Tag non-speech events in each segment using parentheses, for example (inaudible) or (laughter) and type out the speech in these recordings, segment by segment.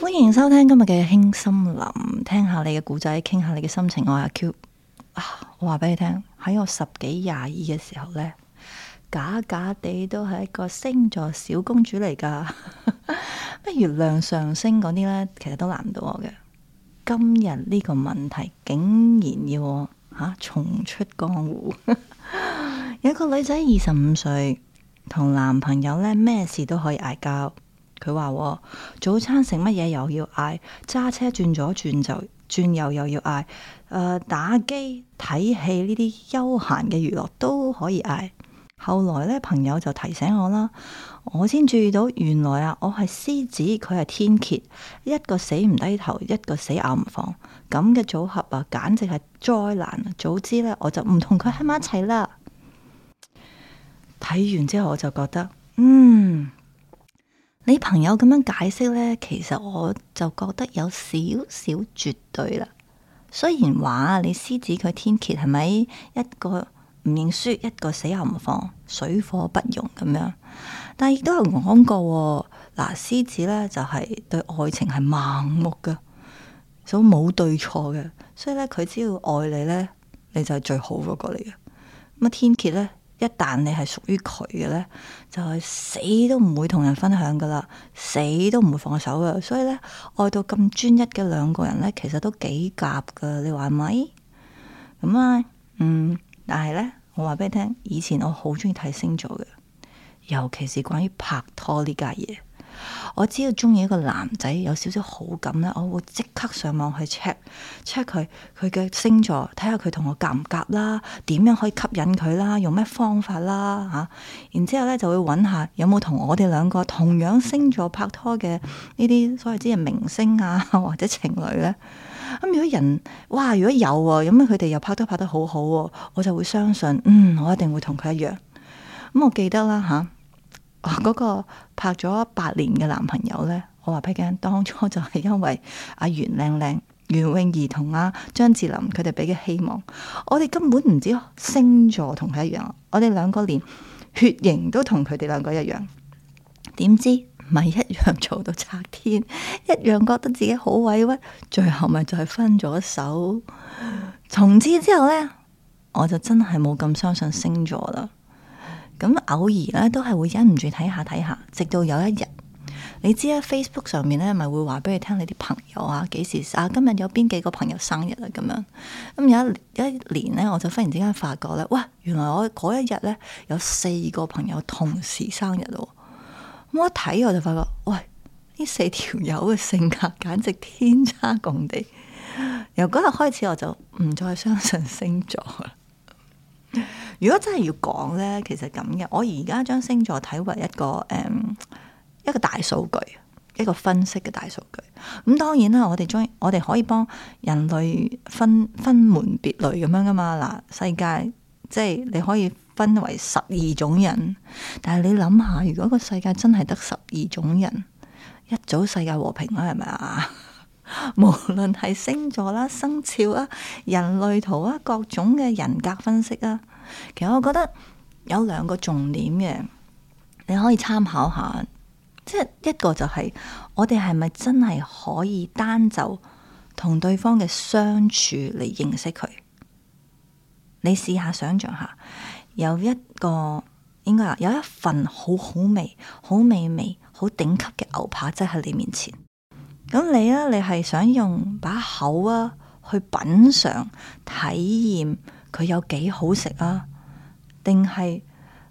歡迎收聽今日嘅傾森林，聽下你嘅故仔，傾下你嘅心情。我阿 Q 啊，我話俾你聽，喺我十幾廿二嘅時候呢，假假地都係一個星座小公主嚟㗎。咩 (laughs) 月亮上升嗰啲呢，其實都難唔到我嘅。今日呢個問題竟然要我吓、啊、重出江湖。 (laughs) 有一個女仔二十五歲，同男朋友呢咩事都可以嗌交。佢話，哦，早餐食乜嘢又要嗌，揸車轉左轉就轉右又要嗌。誒，呃，打機睇戲呢啲休閒嘅娛樂都可以嗌。後來呢，朋友就提醒我啦，我先注意到原來啊，我係獅子，佢係天蠍，一個死唔低頭，一個死咬唔放，咁嘅組合啊，簡直係災難。早知呢，我就唔同佢喺埋一齊啦。睇完之後我就覺得，嗯，你朋友咁樣解釋呢，其實我就覺得有少少絕對啦。雖然話你獅子佢天蠍係咪一個唔認輸，一個死又唔放，水火不容咁樣，但亦都有講過嗱，呃、獅子呢就係對愛情係盲目㗎，所以冇對錯嘅，所以呢，佢只要愛你呢，你就係最好嗰個嚟嘅。咁天蠍呢？一旦你係屬於佢嘅呢，就係死都唔會同人分享噶啦，死都唔會放手噶，所以呢，愛到咁專一嘅兩個人呢，其實都幾夾噶，你話係咪？咁啊，嗯，但係呢，我話俾你聽，以前我好中意睇星座嘅，尤其是關於拍拖呢家嘢。我只要中意一個男仔有少少好感咧，我會即刻上網去 check check 佢佢嘅星座，睇下佢同我夾唔夾啦，點樣可以吸引佢啦，用咩方法啦吓、啊？然之後咧就會搵下有冇同我哋兩個同樣星座拍拖嘅呢啲所謂之嘅明星啊或者情侶咧。咁、嗯、如果人哇如果有喎、啊，咩佢哋又拍拖拍得好好、啊，我就會相信，嗯，我一定會同佢一樣。咁、嗯、我記得啦吓。啊嗰個拍咗八年嘅男朋友呢，我話俾你聽當初就係因為阿袁靚靚、袁詠儀同阿張智霖佢哋俾嘅希望，我哋根本唔知星座同佢一樣，我哋兩個連血型都同佢哋兩個一樣，點知唔係一樣做到拆天，一樣覺得自己好委屈，最後咪就係分咗手。從此之後呢，我就真係冇咁相信星座啦。咁偶然咧，都係會忍唔住睇下睇下，直到有一日，你知啦，Facebook 上面咧，咪會話俾你聽你啲朋友啊，幾時啊，今日有邊幾個朋友生日啊，咁樣。咁、嗯、有一一年咧，我就忽然之間發覺咧，哇，原來我嗰一日咧有四個朋友同時生日啊咯。咁我一睇我就發覺，喂，呢四條友嘅性格簡直天差共地。由嗰日開始，我就唔再相信星座。如果真係要講呢，其實咁嘅，我而家將星座睇為一個誒、um, 一個大數據，一個分析嘅大數據。咁、嗯、當然啦，我哋將我哋可以幫人類分分門別類咁樣㗎嘛。嗱，世界即係你可以分為十二種人，但係你諗下，如果個世界真係得十二種人，一早世界和平啦，係咪啊？ (laughs) 無論係星座啦、生肖啊、人類圖啊、各種嘅人格分析啊。其實我覺得有兩個重點嘅，你可以參考下，即係一個就係我哋係咪真係可以單就同對方嘅相處嚟認識佢？你試下想象下，有一個應該話，有一份好好味、好美味、好頂級嘅牛扒，即喺你面前。咁你呢，你係想用把口啊去品嘗體驗，佢有幾好食啊？定係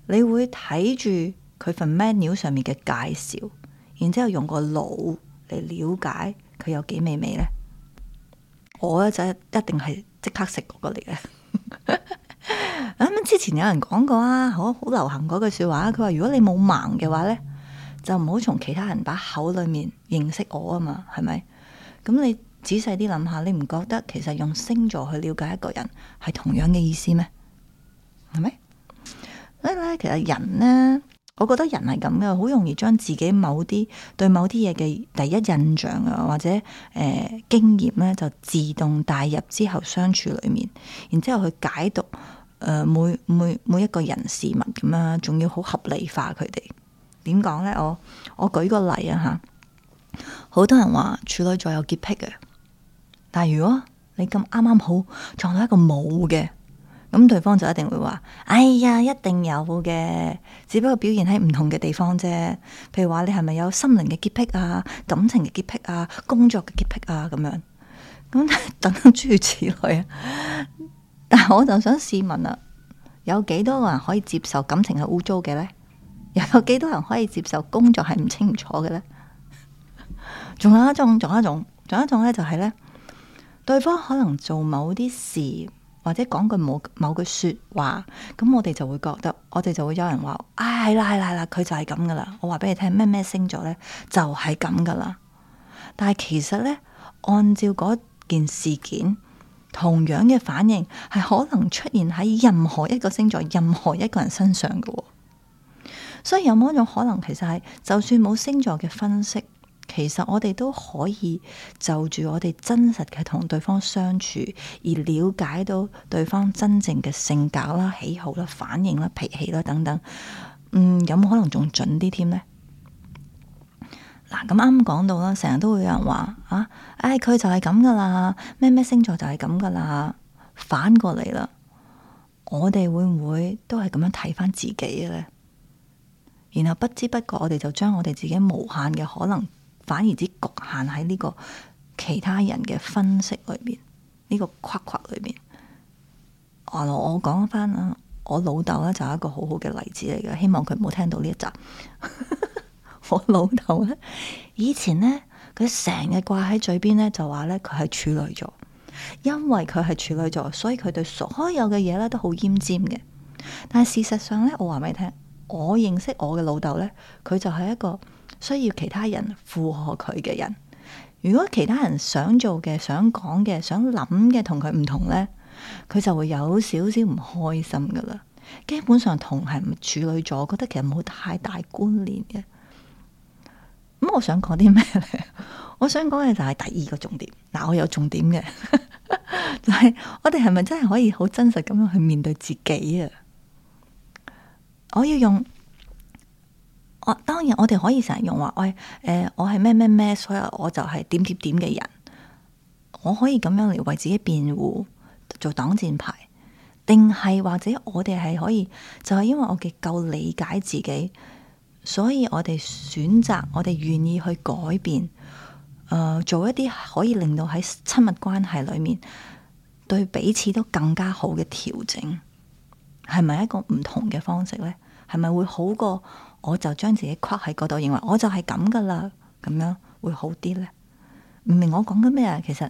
你會睇住佢份 menu 上面嘅介紹，然之後用個腦嚟了解佢有幾美味呢？我咧就一定係即刻食嗰個嚟嘅、 (laughs) 啊。啱啱之前有人講過啊，好好流行嗰句説話，佢話：如果你冇盲嘅話呢，就唔好從其他人把口裡面認識我啊嘛，係咪？咁你。仔細啲諗下，你唔覺得其實用星座去了解一個人係同樣嘅意思咩？係咪？所以咧，其實人呢，我覺得人係咁嘅，好容易將自己某啲對某啲嘢嘅第一印象啊，或者誒經驗呢，就自動帶入之後相處裏面，然之後去解讀誒每每每一個人事物咁啊，仲要好合理化佢哋。點講呢？我我舉個例啊，吓，好多人話處女座有潔癖嘅。但係如果你咁啱啱好撞到一個冇嘅，咁對方就一定會話：哎呀，一定有嘅，只不過表現喺唔同嘅地方啫。譬如話你係咪有心靈嘅潔癖啊、感情嘅潔癖啊、工作嘅潔癖啊咁樣，咁等等諸如此類啊。但係我就想試問啦，有幾多個人可以接受感情係污糟嘅咧？又有幾多人可以接受工作係唔清楚嘅咧？仲有一種，仲有一種，仲有一種咧，就係咧。對方可能做某啲事，或者講句某某句說話，咁我哋就會覺得，我哋就會有人話：啊、哎，係啦係啦，佢就係咁噶啦。我話俾你聽，咩咩星座呢，就係咁噶啦。但係其實呢，按照嗰件事件，同樣嘅反應係可能出現喺任何一個星座、任何一個人身上噶、哦。所以有冇一種可能，其實係就算冇星座嘅分析？其實我哋都可以就住我哋真實嘅同對方相處，而了解到對方真正嘅性格啦、喜好啦、反應啦、脾氣啦等等，嗯，咁可能仲準啲添呢？嗱，咁啱啱講到啦，成日都會有人話啊，唉、哎，佢就係咁噶啦，咩咩星座就係咁噶啦，反過嚟啦，我哋會唔會都係咁樣睇翻自己嘅咧？然後不知不覺我哋就將我哋自己無限嘅可能。反而只局限喺呢個其他人嘅分析裏邊，呢、呢個框框裏邊。啊，我講翻啊，我老豆呢，就係一個好好嘅例子嚟嘅，希望佢唔好聽到呢一集。 (laughs) 我老豆呢，以前呢，佢成日掛喺嘴邊呢，就話呢，佢係處女座，因為佢係處女座，所以佢對所有嘅嘢呢都好奄尖嘅。但係事實上呢，我話俾你聽，我認識我嘅老豆呢，佢就係一個。需要其他人附和佢嘅人，如果其他人想做嘅、想講嘅、想諗嘅同佢唔同呢，佢就會有少少唔開心噶啦。基本上同係處女座，我覺得其實冇太大關聯嘅。咁我想講啲咩呢？我想講嘅 (laughs) 就係第二個重點。嗱、嗯，我有重點嘅， (laughs) 就係我哋係咪真係可以好真實咁樣去面對自己啊？我要用。我、啊、當然我、哎呃，我哋可以成日用話，我誒，我係咩咩咩，所以我就係點點點嘅人，我可以咁樣嚟，為自己辯護，做擋箭牌，定係或者我哋係可以，就係、是、因為我哋夠理解自己，所以我哋選擇，我哋願意去改變，誒、呃，做一啲可以令到喺親密關係裏面對彼此都更加好嘅調整，係咪一個唔同嘅方式呢？係咪會好過？我就將自己框喺嗰度，認為我就係咁噶啦，咁樣會好啲咧。唔明我講緊咩啊？其實，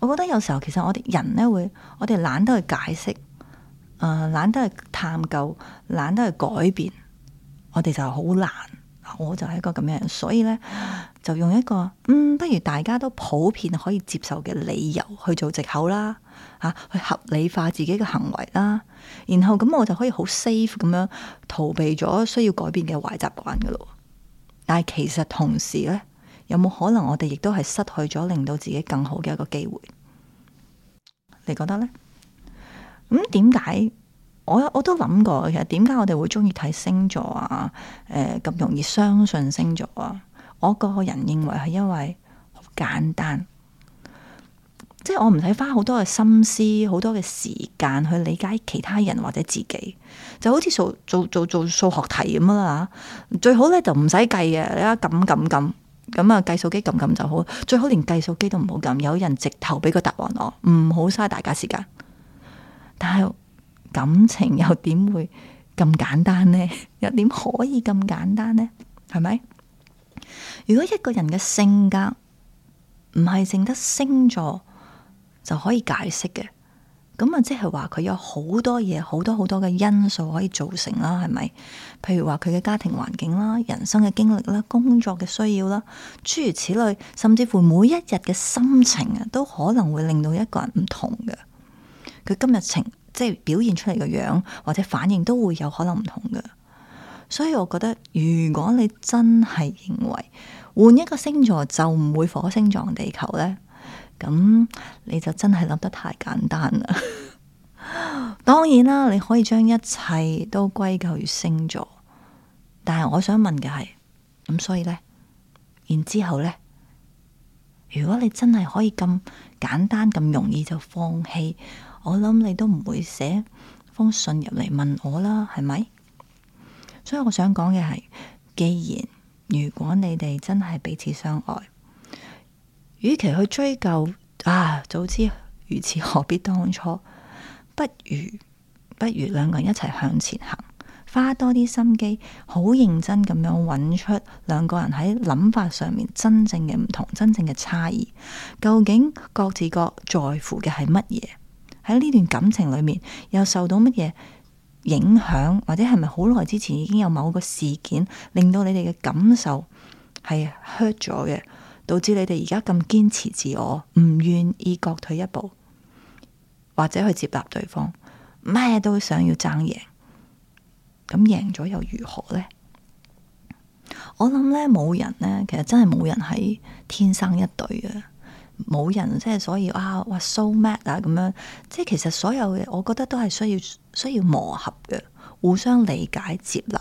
我覺得有時候其實我哋人咧會，我哋懶得去解釋，誒、呃，懶得去探究，懶得去改變，我哋就好難。我就係一個咁樣，所以咧就用一個嗯，不如大家都普遍可以接受嘅理由去做借口啦，吓、啊、去合理化自己嘅行為啦，然後咁我就可以好 safe 咁樣逃避咗需要改變嘅壞習慣㗎咯。但係其實同時咧，有冇可能我哋亦都係失去咗令到自己更好嘅一個機會？你覺得咧？咁點解？我我都諗過其實點解我哋會中意睇星座啊？誒、呃，咁容易相信星座啊？我個人認為係因為好簡單，即係我唔使花好多嘅心思、好多嘅時間去理解其他人或者自己，就好似做做做做數學題咁啦。最好咧就唔使計嘅，你一撳撳撳咁啊，計數機撳撳就好。最好連計數機都唔好撳，有人直頭俾個答案我，唔好嘥大家時間。但係。感情又點會咁簡單呢？又點可以咁簡單呢？係咪？如果一個人嘅性格唔係淨得星座就可以解釋嘅，咁啊，即係話佢有好多嘢，好多好多嘅因素可以造成啦，係咪？譬如話佢嘅家庭環境啦、人生嘅經歷啦、工作嘅需要啦，諸如此類，甚至乎每一日嘅心情啊，都可能會令到一個人唔同嘅。佢今日情。即係表現出嚟個樣或者反應都會有可能唔同嘅，所以我覺得如果你真係認為換一個星座就唔會火星撞地球呢，咁你就真係諗得太簡單啦。 (laughs) 當然啦，你可以將一切都歸咎於星座，但係我想問嘅係咁，所以呢，然之後呢，如果你真係可以咁簡單咁容易就放棄。我諗你都唔會寫封信入嚟問我啦，係咪？所以我想講嘅係，既然如果你哋真係彼此相愛，與其去追究啊，早知如此何必當初？不如不如兩個人一齊向前行，花多啲心機，好認真咁樣揾出兩個人喺諗法上面真正嘅唔同，真正嘅差異，究竟各自各在乎嘅係乜嘢？喺呢段感情裏面，又受到乜嘢影響，或者係咪好耐之前已經有某個事件令到你哋嘅感受係 hurt 咗嘅，導致你哋而家咁堅持自我，唔願意各退一步，或者去接納對方，咩都想要爭贏，咁贏咗又如何呢？我諗呢冇人呢，其實真係冇人係天生一對嘅。冇人，即係所以啊，話 so mad 啊，咁樣，即係其實所有嘅，我覺得都係需要需要磨合嘅，互相理解接納，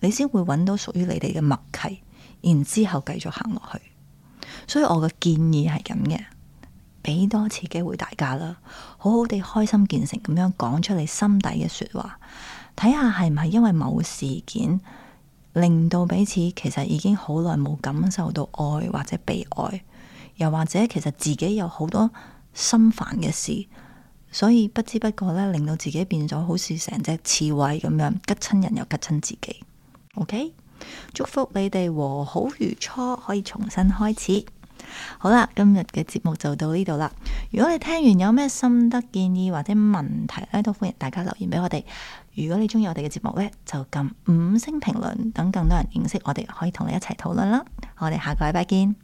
你先會揾到屬於你哋嘅默契，然之後繼續行落去。所以我嘅建議係咁嘅，俾多次機會大家啦，好好地開心見誠咁樣講出你心底嘅説話，睇下係唔係因為某事件令到彼此其實已經好耐冇感受到愛或者被愛。又或者其實自己有好多心煩嘅事，所以不知不覺咧令到自己變咗好似成隻刺蝟咁樣，吉親人又吉親自己。OK，祝福你哋和好如初，可以重新開始。好啦，今日嘅節目就到呢度啦。如果你聽完有咩心得建議或者問題咧，都歡迎大家留言俾我哋。如果你中意我哋嘅節目呢，就撳五星評論，等更多人認識我哋，可以同你一齊討論啦。我哋下個禮拜見。